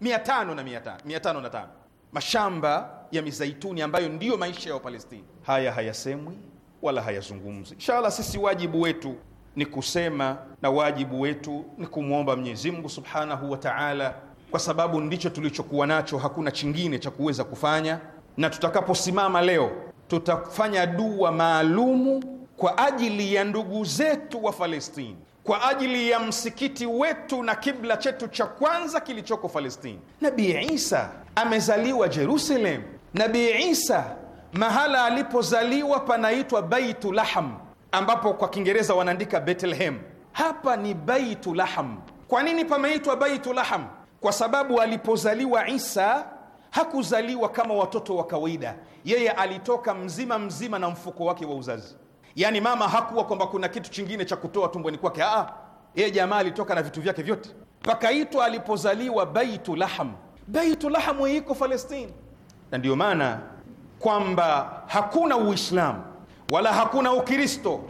mia tano na mia tano mia tano na tano mashamba ya mizaituni ambayo ndiyo maisha ya Wapalestini. Haya hayasemwi wala hayazungumzi. Inshallah, sisi wajibu wetu ni kusema na wajibu wetu ni kumwomba Mwenyezi Mungu subhanahu wa taala kwa sababu ndicho tulichokuwa nacho, hakuna chingine cha kuweza kufanya. Na tutakaposimama leo, tutafanya dua maalumu kwa ajili ya ndugu zetu wa Falestini, kwa ajili ya msikiti wetu na kibla chetu cha kwanza kilichoko Falestini. Nabii Isa amezaliwa Jerusalem. Nabii Isa mahala alipozaliwa panaitwa Baitu Laham, ambapo kwa Kiingereza wanaandika Bethlehem. Hapa ni Baitu Laham. Kwa nini pameitwa Baitu Laham? kwa sababu alipozaliwa Isa hakuzaliwa kama watoto wa kawaida. Yeye alitoka mzima mzima na mfuko wake wa uzazi, yaani mama hakuwa kwamba kuna kitu chingine cha kutoa tumboni kwake. Aa, yeye jamaa alitoka na vitu vyake vyote. Pakaitwa alipozaliwa Baitu Laham. Baitu Lahamu iko Falestini, na ndiyo maana kwamba hakuna Uislamu wala hakuna Ukristo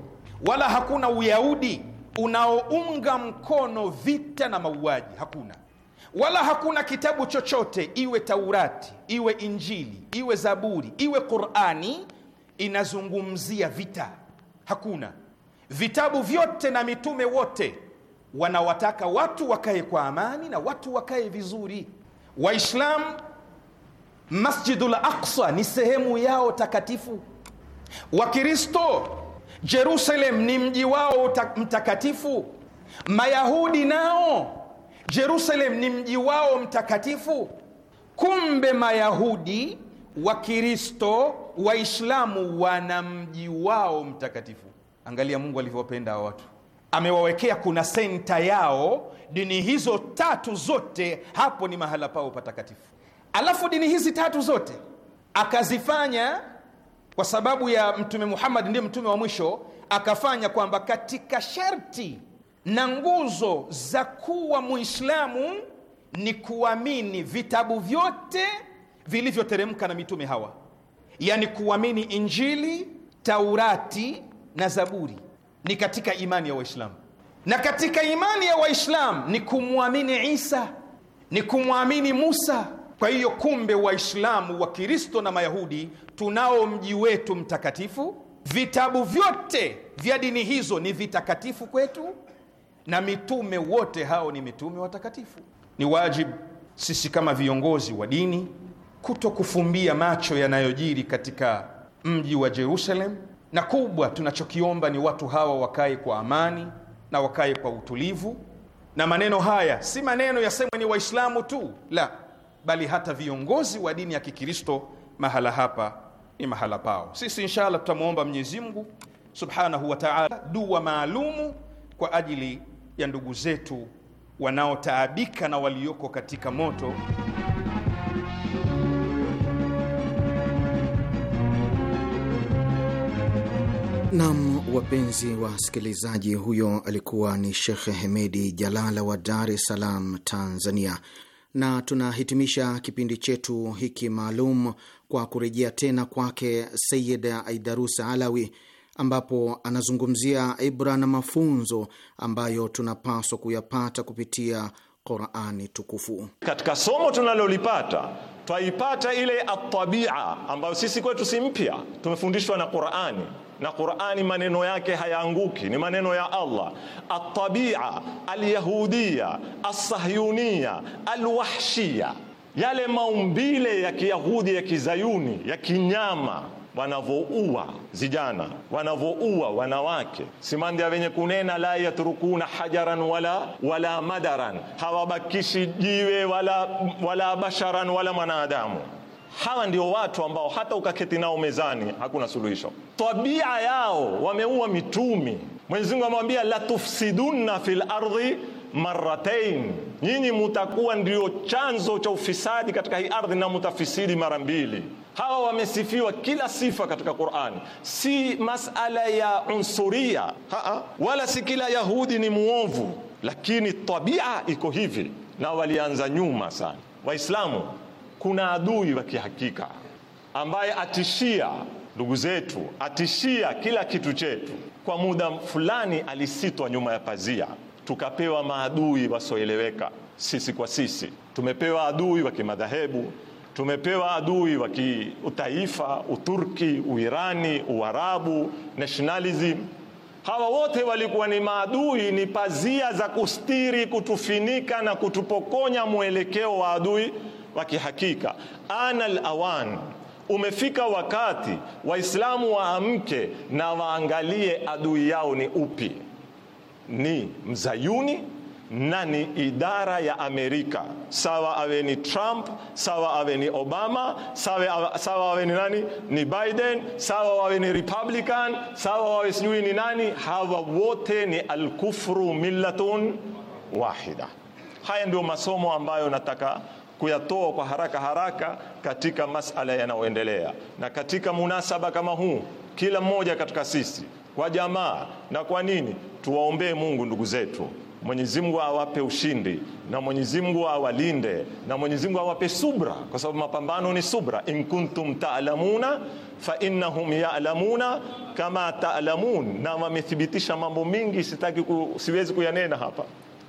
wala hakuna Uyahudi unaounga mkono vita na mauaji, hakuna wala hakuna kitabu chochote iwe Taurati, iwe Injili, iwe Zaburi, iwe Qurani inazungumzia vita. Hakuna vitabu vyote na mitume wote wanawataka watu wakae kwa amani na watu wakae vizuri. Waislamu, Masjidul Aqsa ni sehemu yao takatifu. Wakristo, Jerusalem ni mji wao mtakatifu. Mayahudi nao Jerusalem ni mji wao mtakatifu. Kumbe Mayahudi, Wakristo, Waislamu wana mji wao mtakatifu. Angalia Mungu alivyowapenda hawa watu, amewawekea kuna senta yao dini hizo tatu zote, hapo ni mahala pao patakatifu. Alafu dini hizi tatu zote akazifanya kwa sababu ya Mtume Muhammad, ndiye mtume wa mwisho, akafanya kwamba katika sharti na nguzo za kuwa Muislamu ni kuamini vitabu vyote vilivyoteremka na mitume hawa, yaani kuamini Injili, Taurati na Zaburi ni katika imani ya Waislamu. Na katika imani ya Waislamu ni kumwamini Isa, ni kumwamini Musa. Kwa hiyo, kumbe Waislamu, Wakristo na Mayahudi tunao mji wetu mtakatifu. Vitabu vyote vya dini hizo ni vitakatifu kwetu na mitume wote hao ni mitume watakatifu. Ni wajibu sisi kama viongozi wa dini kuto kufumbia macho yanayojiri katika mji wa Jerusalem, na kubwa tunachokiomba ni watu hawa wakae kwa amani na wakae kwa utulivu. Na maneno haya si maneno yasemwe ni Waislamu tu, la, bali hata viongozi wa dini ya Kikristo mahala hapa ni mahala pao. Sisi inshallah tutamwomba Mwenyezi Mungu subhanahu wa taala dua maalumu kwa ajili ya ndugu zetu wanaotaabika na walioko katika moto. Nam, wapenzi wa wasikilizaji, huyo alikuwa ni Shekhe Hemedi Jalala wa Dar es Salaam, Tanzania. Na tunahitimisha kipindi chetu hiki maalum kwa kurejea tena kwake Sayid Aidarusa Alawi ambapo anazungumzia ibra na mafunzo ambayo tunapaswa kuyapata kupitia Qurani tukufu. Katika somo tunalolipata twaipata ile atabia ambayo sisi kwetu si mpya, tumefundishwa na Qurani na Qurani maneno yake hayaanguki, ni maneno ya Allah. Atabia alyahudia asahyunia alwahshia, yale maumbile ya Kiyahudi ya Kizayuni ya kinyama wanavouwa zijana wanavyoua wanawake, simandia wenye kunena la yatrukuna hajaran wala wala madaran, hawabakishi jiwe wala, wala basharan wala mwanadamu. Hawa ndio watu ambao hata ukaketi nao mezani hakuna suluhisho. Tabia yao wameua mitumi Mwenyezi Mungu amwambia la tufsidunna fil ardhi marratain, nyinyi mutakuwa ndio chanzo cha ufisadi katika hii ardhi na mutafisidi mara mbili hawa wamesifiwa kila sifa katika Qur'ani. Si masala ya unsuria ha-ha, wala si kila Yahudi ni muovu, lakini tabia iko hivi, na walianza nyuma sana Waislamu. Kuna adui wa kihakika ambaye atishia ndugu zetu, atishia kila kitu chetu. Kwa muda fulani alisitwa nyuma ya pazia, tukapewa maadui wasoeleweka Sisi kwa sisi tumepewa adui wa kimadhahebu tumepewa adui wa kiutaifa, Uturki, Uirani, Uarabu, nationalism. Hawa wote walikuwa ni maadui, ni pazia za kustiri, kutufinika na kutupokonya mwelekeo wa adui wa kihakika. Anal awan Umefika wakati Waislamu waamke na waangalie adui yao ni upi, ni mzayuni na ni idara ya Amerika, sawa awe ni Trump, sawa awe ni Obama, sawa, sawa awe ni nani, ni Biden, sawa wawe ni Republican, sawa wawe sijui ni nani, hawa wote ni alkufru millatun wahida. Haya ndio masomo ambayo nataka kuyatoa kwa haraka haraka katika masala yanayoendelea, na katika munasaba kama huu, kila mmoja katika sisi kwa jamaa na kwa nini tuwaombee Mungu ndugu zetu Mwenyezi Mungu awape ushindi na Mwenyezi Mungu awalinde na Mwenyezi Mungu awape subra, kwa sababu mapambano ni subra. In kuntum ta'lamuna fa innahum ya'lamuna kama ta'lamun. Na wamethibitisha mambo mingi, sitaki ku, siwezi kuyanena hapa.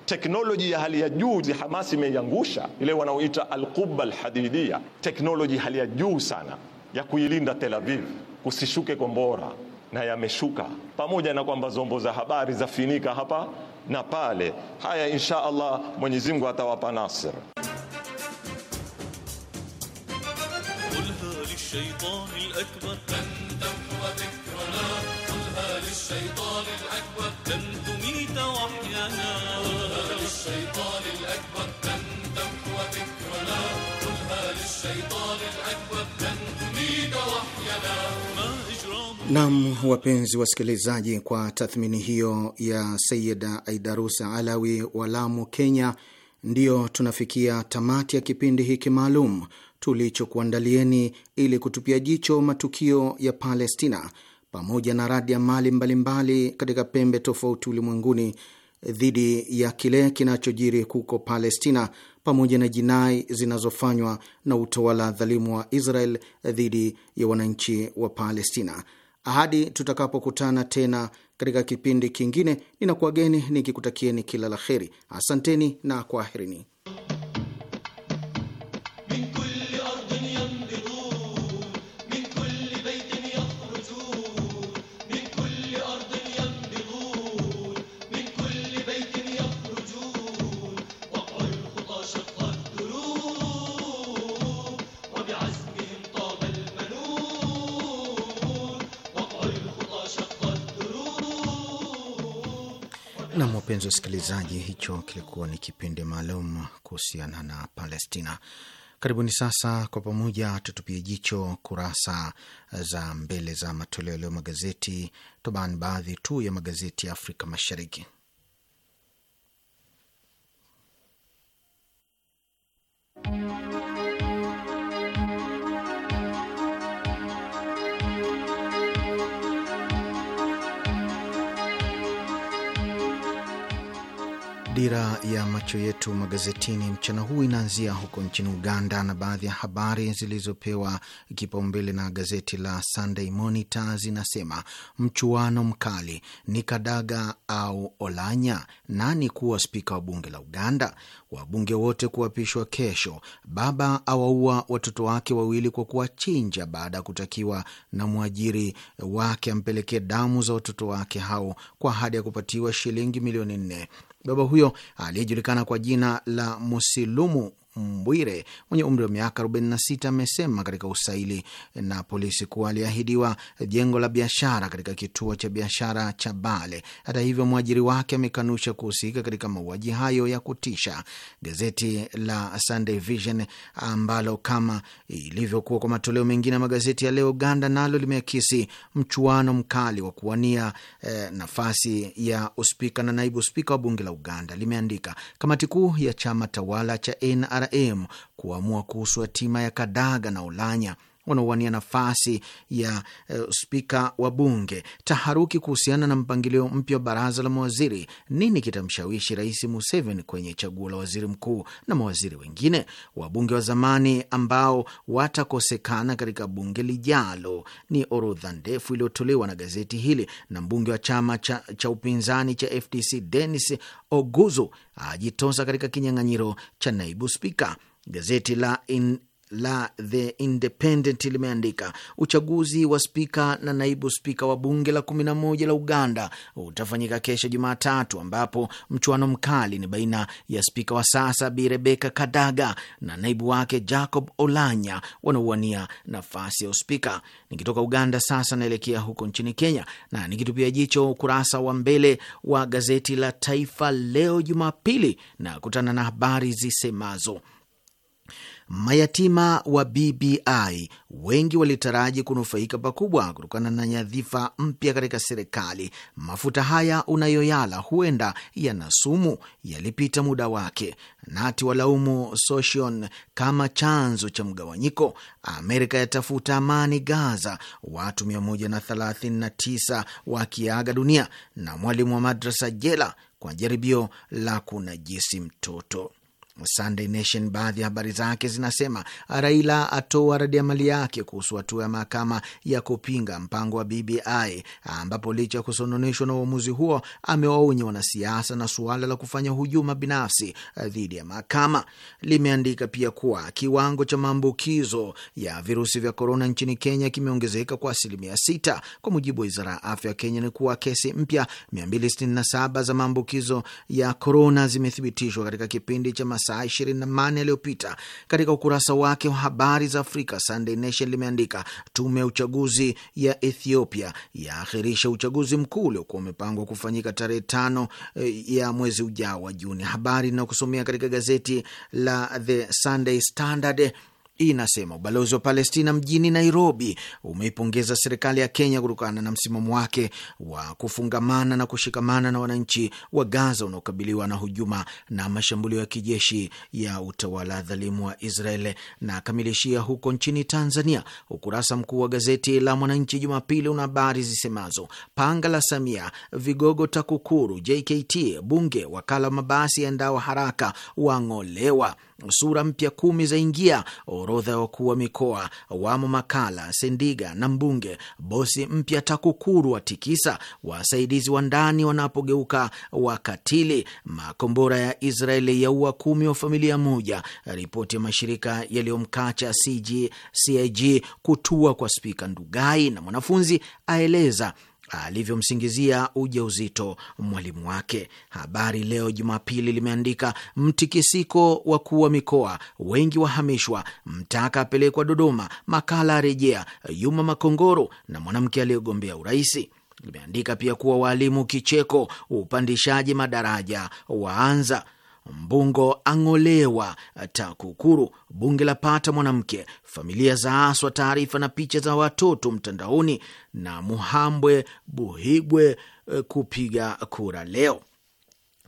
Teknoloji ya hali ya juu Hamas imeiangusha ile wanaoita alquba alhadidia, teknoloji hali ya juu sana ya kuilinda Tel Aviv kusishuke kombora, na yameshuka, pamoja na kwamba zombo za habari zafinika hapa na pale. Haya, insha Allah Mwenyezi Mungu atawapa nasir. للشيطان الأكبر أنتم وذكرنا قلها للشيطان الأكبر لن تميت وحينا قلها للشيطان الأكبر أنتم وذكرنا قلها للشيطان الأكبر لن تميت وحينا Nam, wapenzi wasikilizaji, kwa tathmini hiyo ya Sayida Aidarusa Alawi wa Lamu, Kenya, ndiyo tunafikia tamati ya kipindi hiki maalum tulichokuandalieni ili kutupia jicho matukio ya Palestina pamoja na radi ya mali mbalimbali katika pembe tofauti ulimwenguni dhidi ya kile kinachojiri huko Palestina pamoja na jinai zinazofanywa na utawala dhalimu wa Israel dhidi ya wananchi wa Palestina hadi tutakapokutana tena katika kipindi kingine, ninakuwageni nikikutakieni kila la heri. Asanteni na kwaherini. wapenzi wasikilizaji, hicho kilikuwa ni kipindi maalum kuhusiana na Palestina. Karibuni sasa, kwa pamoja tutupie jicho kurasa za mbele za matoleo leo magazeti toban, baadhi tu ya magazeti ya Afrika Mashariki. Dira ya macho yetu magazetini mchana huu inaanzia huko nchini Uganda, na baadhi ya habari zilizopewa kipaumbele na gazeti la Sunday Monitor zinasema: mchuano mkali ni Kadaga au Olanya, nani kuwa spika wa bunge la Uganda? Wabunge wote kuapishwa kesho. Baba awaua watoto wake wawili kwa kuwachinja baada ya kutakiwa na mwajiri wake ampelekee damu za watoto wake hao kwa ahadi ya kupatiwa shilingi milioni nne. Baba huyo aliyejulikana kwa jina la Musilumu Mbwire mwenye umri wa miaka 46 amesema katika usaili na polisi kuwa aliahidiwa jengo la biashara katika kituo cha biashara cha Bale. Hata hivyo, mwajiri wake amekanusha kuhusika katika mauaji hayo ya kutisha. Gazeti la Sunday Vision ambalo kama ilivyokuwa kwa matoleo mengine ya magazeti ya leo Uganda, nalo limeakisi mchuano mkali wa kuwania eh, nafasi ya uspika na naibu spika wa bunge la Uganda. Limeandika kamati kuu ya chama tawala cha NRM NRM kuamua kuhusu hatima ya Kadaga na Ulanya wanaowania nafasi ya uh, spika wa bunge. Taharuki kuhusiana na mpangilio mpya wa baraza la mawaziri. Nini kitamshawishi Rais Museveni kwenye chaguo la waziri mkuu na mawaziri wengine? Wabunge wa zamani ambao watakosekana katika bunge lijalo, ni orodha ndefu iliyotolewa na gazeti hili. Na mbunge wa chama cha, cha upinzani cha FDC Denis Oguzo ajitosa katika kinyang'anyiro cha naibu spika. Gazeti la la The Independent limeandika uchaguzi wa spika na naibu spika wa bunge la kumi na moja la Uganda utafanyika kesho Jumatatu, ambapo mchuano mkali ni baina ya spika wa sasa Bi Rebeka Kadaga na naibu wake Jacob Olanya wanaowania nafasi ya uspika. Nikitoka Uganda sasa naelekea huko nchini Kenya na nikitupia jicho ukurasa wa mbele wa gazeti la Taifa Leo Jumapili na kutana na habari zisemazo Mayatima wa BBI wengi walitaraji kunufaika pakubwa kutokana na nyadhifa mpya katika serikali. Mafuta haya unayoyala huenda yana sumu, yalipita muda wake. Nati walaumu Sossion kama chanzo cha mgawanyiko. Amerika yatafuta amani Gaza, watu 139 wakiaga dunia, na mwalimu wa madrasa jela kwa jaribio la kunajisi mtoto. Sunday Nation baadhi ya habari zake zinasema Raila atoa mali yake kuhusu hatua ya mahakama ya kupinga mpango wa BBI, ambapo licha ya kusononeshwa na uamuzi huo amewaonya wanasiasa na suala la kufanya hujuma binafsi dhidi ya mahakama. Limeandika pia kuwa kiwango cha maambukizo ya virusi vya korona nchini Kenya kimeongezeka kwa asilimia sita. Kwa mujibu wa wizara ya afya ya Kenya ni kuwa kesi mpya 267 za maambukizo ya korona zimethibitishwa katika kipindi cha saa 24 yaliyopita. Katika ukurasa wake wa habari za Afrika, Sunday Nation limeandika tume ya uchaguzi ya Ethiopia yaahirisha uchaguzi mkuu uliokuwa umepangwa kufanyika tarehe tano eh, ya mwezi ujao wa Juni. Habari inayokusomea katika gazeti la The Sunday Standard inasema ubalozi wa Palestina mjini Nairobi umeipongeza serikali ya Kenya kutokana na msimamo wake wa kufungamana na kushikamana na wananchi wa Gaza unaokabiliwa na hujuma na mashambulio ya kijeshi ya utawala dhalimu wa Israel. Na kamilishia huko nchini Tanzania, ukurasa mkuu wa gazeti la Mwananchi Jumapili una habari zisemazo: panga la Samia, vigogo TAKUKURU, JKT, bunge, wakala wa mabasi yaendao haraka wang'olewa Sura mpya kumi zaingia, orodha ya wakuu wa mikoa wamo, makala sendiga na mbunge, bosi mpya TAKUKURU watikisa, wasaidizi wa ndani wanapogeuka wakatili, makombora ya Israeli yaua kumi wa familia moja, ripoti ya mashirika yaliyomkacha CG, CIG kutua kwa spika Ndugai na mwanafunzi aeleza alivyomsingizia uja uzito mwalimu wake. Habari Leo Jumapili limeandika mtikisiko kuu wa mikoa wengi wahamishwa, mtaka apelekwa Dodoma, makala arejea, Yuma Makongoro na mwanamke aliyegombea uraisi. Limeandika pia kuwa waalimu kicheko, upandishaji madaraja waanza Mbungo ang'olewa TAKUKURU, bunge la pata mwanamke, familia za aswa, taarifa na picha za watoto mtandaoni, na Muhambwe Buhigwe eh, kupiga kura leo.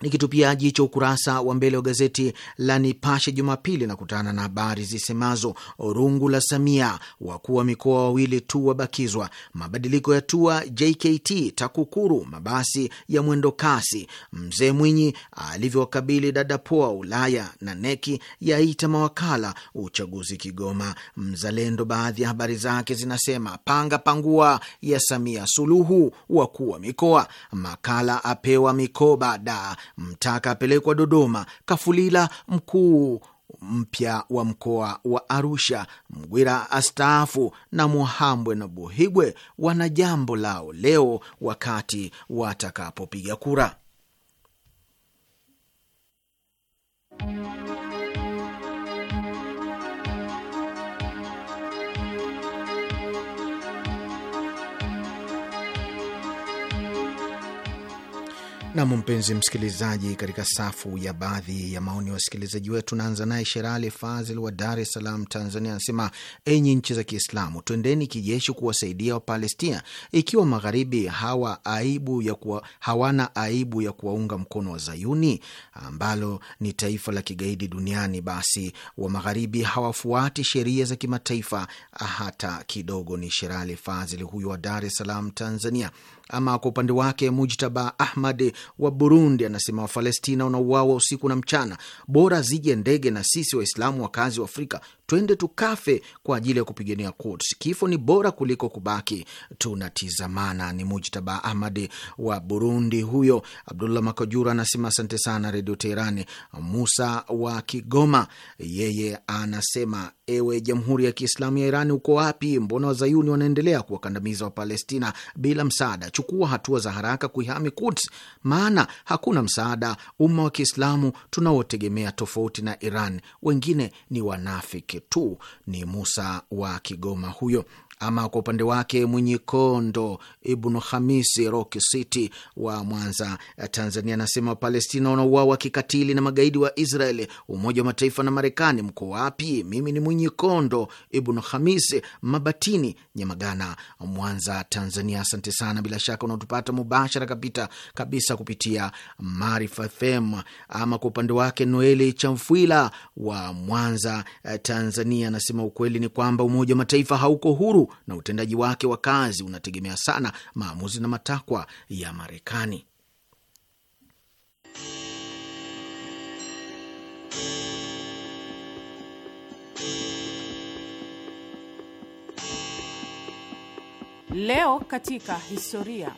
Nikitupia jicho ukurasa wa mbele wa gazeti la Nipashe Jumapili na kutana na habari zisemazo: rungu la Samia, wakuu wa mikoa wawili tu wabakizwa, mabadiliko ya tua JKT, TAKUKURU, mabasi ya mwendo kasi, mzee Mwinyi alivyowakabili dadapoa Ulaya, na neki yaita mawakala uchaguzi Kigoma. Mzalendo baadhi ya habari zake zinasema: panga pangua ya Samia Suluhu, wakuu wa mikoa, makala apewa mikoba da Mtaka apelekwa Dodoma, Kafulila mkuu mpya wa mkoa wa Arusha, Mgwira astaafu na Muhambwe na Buhigwe wana jambo lao leo wakati watakapopiga kura. Nam, mpenzi msikilizaji, katika safu ya baadhi ya maoni ya wasikilizaji wetu, naanza naye Sherali Fazil wa Dar es Salaam, Tanzania, anasema enyi nchi za Kiislamu, twendeni kijeshi kuwasaidia Wapalestina ikiwa magharibi hawa aibu ya kuwa, hawana aibu ya kuwaunga mkono wa Zayuni ambalo ni taifa la kigaidi duniani, basi wa magharibi hawafuati sheria za kimataifa ah, hata kidogo. Ni Sherali Fazil huyu wa Dar es Salaam, Tanzania. Ama kwa upande wake Mujtaba Ahmad wa Burundi anasema Wafalestina wanauawa usiku na mchana, bora zije ndege na sisi Waislamu wakazi wa Afrika twende tukafe kwa ajili ya kupigania Quds. Kifo ni bora kuliko kubaki tunatizamana. Ni Mujtaba Ahmad wa Burundi huyo. Abdullah Makajura anasema asante sana Redio Teherani. Musa wa Kigoma yeye anasema ewe Jamhuri ya Kiislamu ya Irani, uko wapi? Mbona wazayuni wanaendelea kuwakandamiza Wapalestina bila msaada? Chukua hatua za haraka kuihami Quds maana hakuna msaada umma wa Kiislamu tunaotegemea tofauti na Iran. Wengine ni wanafiki tu. Ni Musa wa Kigoma huyo. Ama kwa upande wake Kondo Ibnu Hamisi Rock City wa Mwanza, Tanzania, anasema Wapalestina wanauawa kikatili na magaidi wa Israeli, Umoja wa Mataifa na Marekani. Mko wapi? Mimi ni Kondo Ibnu Hamisi, Mabatini, Nyamagana, Mwanza, Tanzania. Asante sana, bila shaka unaotupata mubashara kabita kabisa kupitia Maarifa FM. Ama kwa upande wake Noeli Chamfwila wa Mwanza, Tanzania, anasema ukweli ni kwamba Umoja wa Mataifa hauko huru na utendaji wake wa kazi unategemea sana maamuzi na matakwa ya Marekani. Leo katika historia.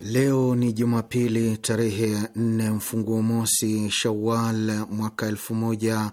Leo ni Jumapili tarehe 4 mfunguo mosi Shawal mwaka elfu moja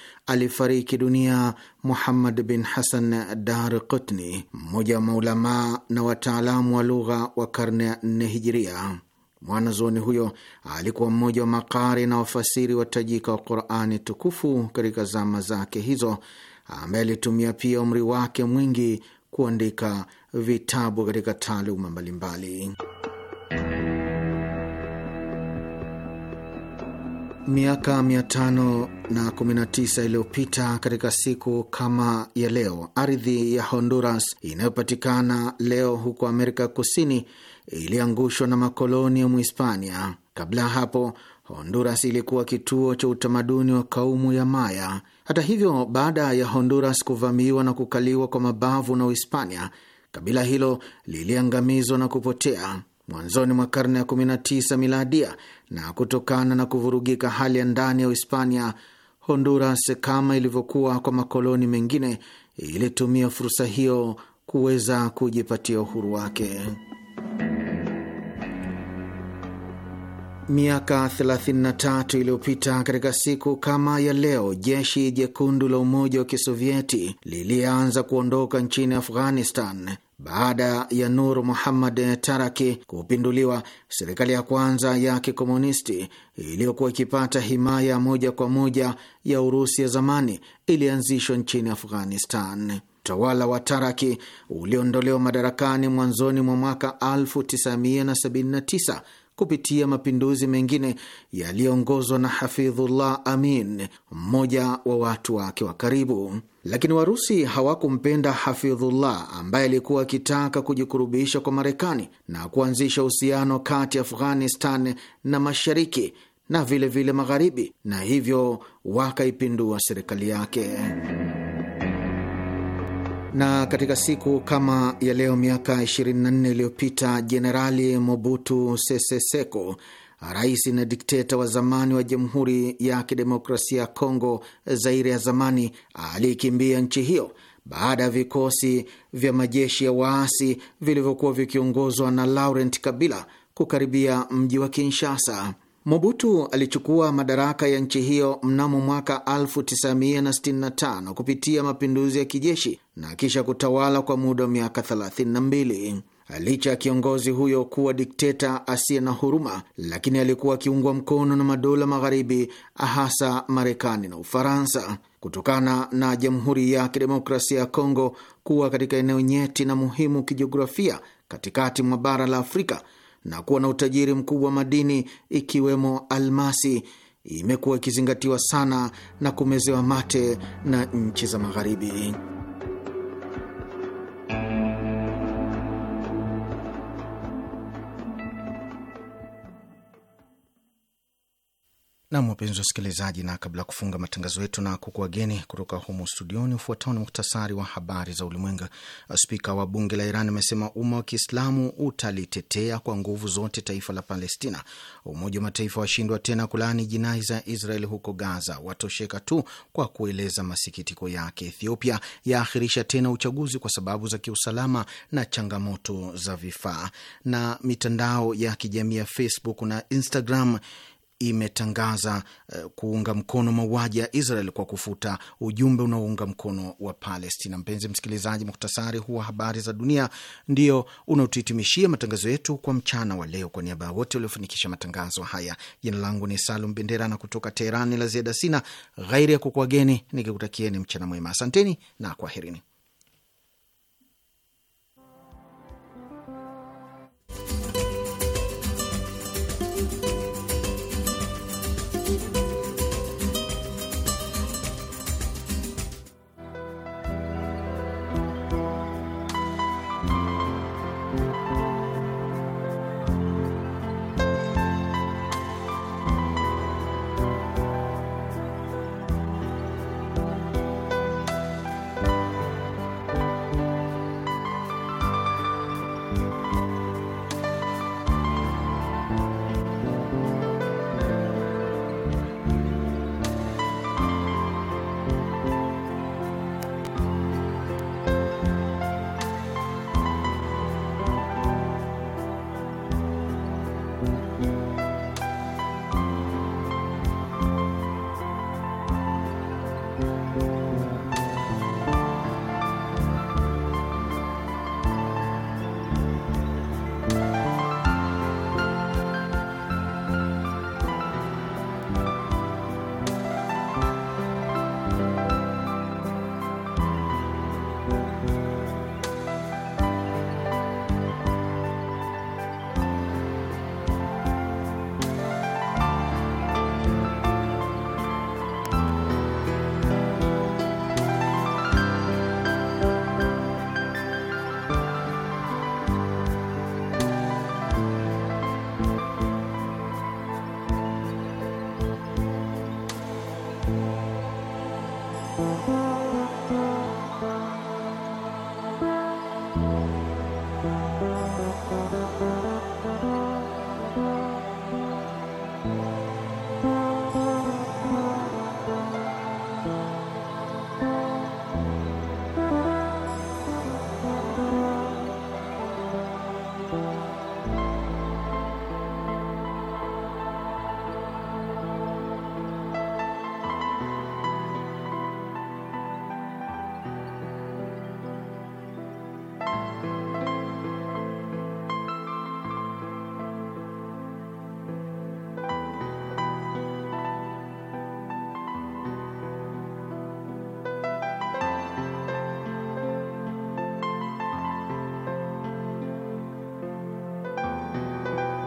alifariki dunia Muhammad bin Hasan Dar kutni mmoja wa maulamaa na wataalamu wa lugha wa karne ya nne hijiria. Mwanazuoni huyo alikuwa mmoja wa makari na wafasiri wa tajika wa Qurani tukufu katika zama zake hizo, ambaye alitumia pia umri wake mwingi kuandika vitabu katika taaluma mbalimbali mbali. Miaka 519 iliyopita katika siku kama ya leo, ardhi ya Honduras inayopatikana leo huko Amerika Kusini iliangushwa na makoloni ya Muhispania. Kabla ya hapo, Honduras ilikuwa kituo cha utamaduni wa kaumu ya Maya. Hata hivyo, baada ya Honduras kuvamiwa na kukaliwa kwa mabavu na Uhispania, kabila hilo liliangamizwa na kupotea. Mwanzoni mwa karne ya 19 miladia na kutokana na kuvurugika hali ya ndani ya Uhispania, Honduras kama ilivyokuwa kwa makoloni mengine ilitumia fursa hiyo kuweza kujipatia uhuru wake. Miaka 33 iliyopita katika siku kama ya leo, jeshi jekundu la Umoja wa Kisovieti lilianza kuondoka nchini Afghanistan. Baada ya Nur Muhammad Taraki kupinduliwa, serikali ya kwanza ya kikomunisti iliyokuwa ikipata himaya moja kwa moja ya Urusi ya zamani ilianzishwa nchini Afghanistan. Utawala wa Taraki uliondolewa madarakani mwanzoni mwa mwaka 1979 kupitia mapinduzi mengine yaliyoongozwa na Hafidhullah Amin, mmoja wa watu wake wa karibu. Lakini Warusi hawakumpenda Hafidhullah ambaye alikuwa akitaka kujikurubisha kwa Marekani na kuanzisha uhusiano kati ya Afghanistan na mashariki na vilevile vile magharibi, na hivyo wakaipindua serikali yake. Na katika siku kama ya leo miaka 24 iliyopita Jenerali Mobutu Sese Seko rais na dikteta wa zamani wa Jamhuri ya Kidemokrasia ya Kongo, Zaire ya zamani, aliyekimbia nchi hiyo baada ya vikosi vya majeshi ya waasi vilivyokuwa vikiongozwa na Laurent Kabila kukaribia mji wa Kinshasa. Mobutu alichukua madaraka ya nchi hiyo mnamo mwaka 1965 kupitia mapinduzi ya kijeshi na kisha kutawala kwa muda wa miaka 32. Licha ya kiongozi huyo kuwa dikteta asiye na huruma, lakini alikuwa akiungwa mkono na madola magharibi, hasa Marekani na Ufaransa. Kutokana na Jamhuri ya Kidemokrasia ya Kongo kuwa katika eneo nyeti na muhimu kijiografia katikati mwa bara la Afrika na kuwa na utajiri mkubwa wa madini ikiwemo almasi, imekuwa ikizingatiwa sana na kumezewa mate na nchi za magharibi. Nam, wapenzi wasikilizaji, na kabla ya kufunga matangazo yetu na kukuwageni kutoka humo studioni, ufuatao ni muhtasari wa habari za ulimwengu. Spika wa bunge la Iran amesema umma wa Kiislamu utalitetea kwa nguvu zote taifa la Palestina. Umoja wa Mataifa washindwa tena kulaani jinai za Israel huko Gaza, watosheka tu kwa kueleza masikitiko yake. Ethiopia yaahirisha tena uchaguzi kwa sababu za kiusalama na changamoto za vifaa. Na mitandao ya kijamii ya Facebook na Instagram imetangaza eh, kuunga mkono mauaji ya Israel kwa kufuta ujumbe unaounga mkono wa Palestina. Mpenzi msikilizaji, muktasari huu wa habari za dunia ndio unaotuhitimishia matangazo yetu kwa mchana wa leo. Kwa niaba ya wote waliofanikisha matangazo haya, jina langu ni Salum Bendera na kutoka Teherani la ziada sina ghairi ya kukuageni nikikutakieni mchana mwema. Asanteni na kwaherini.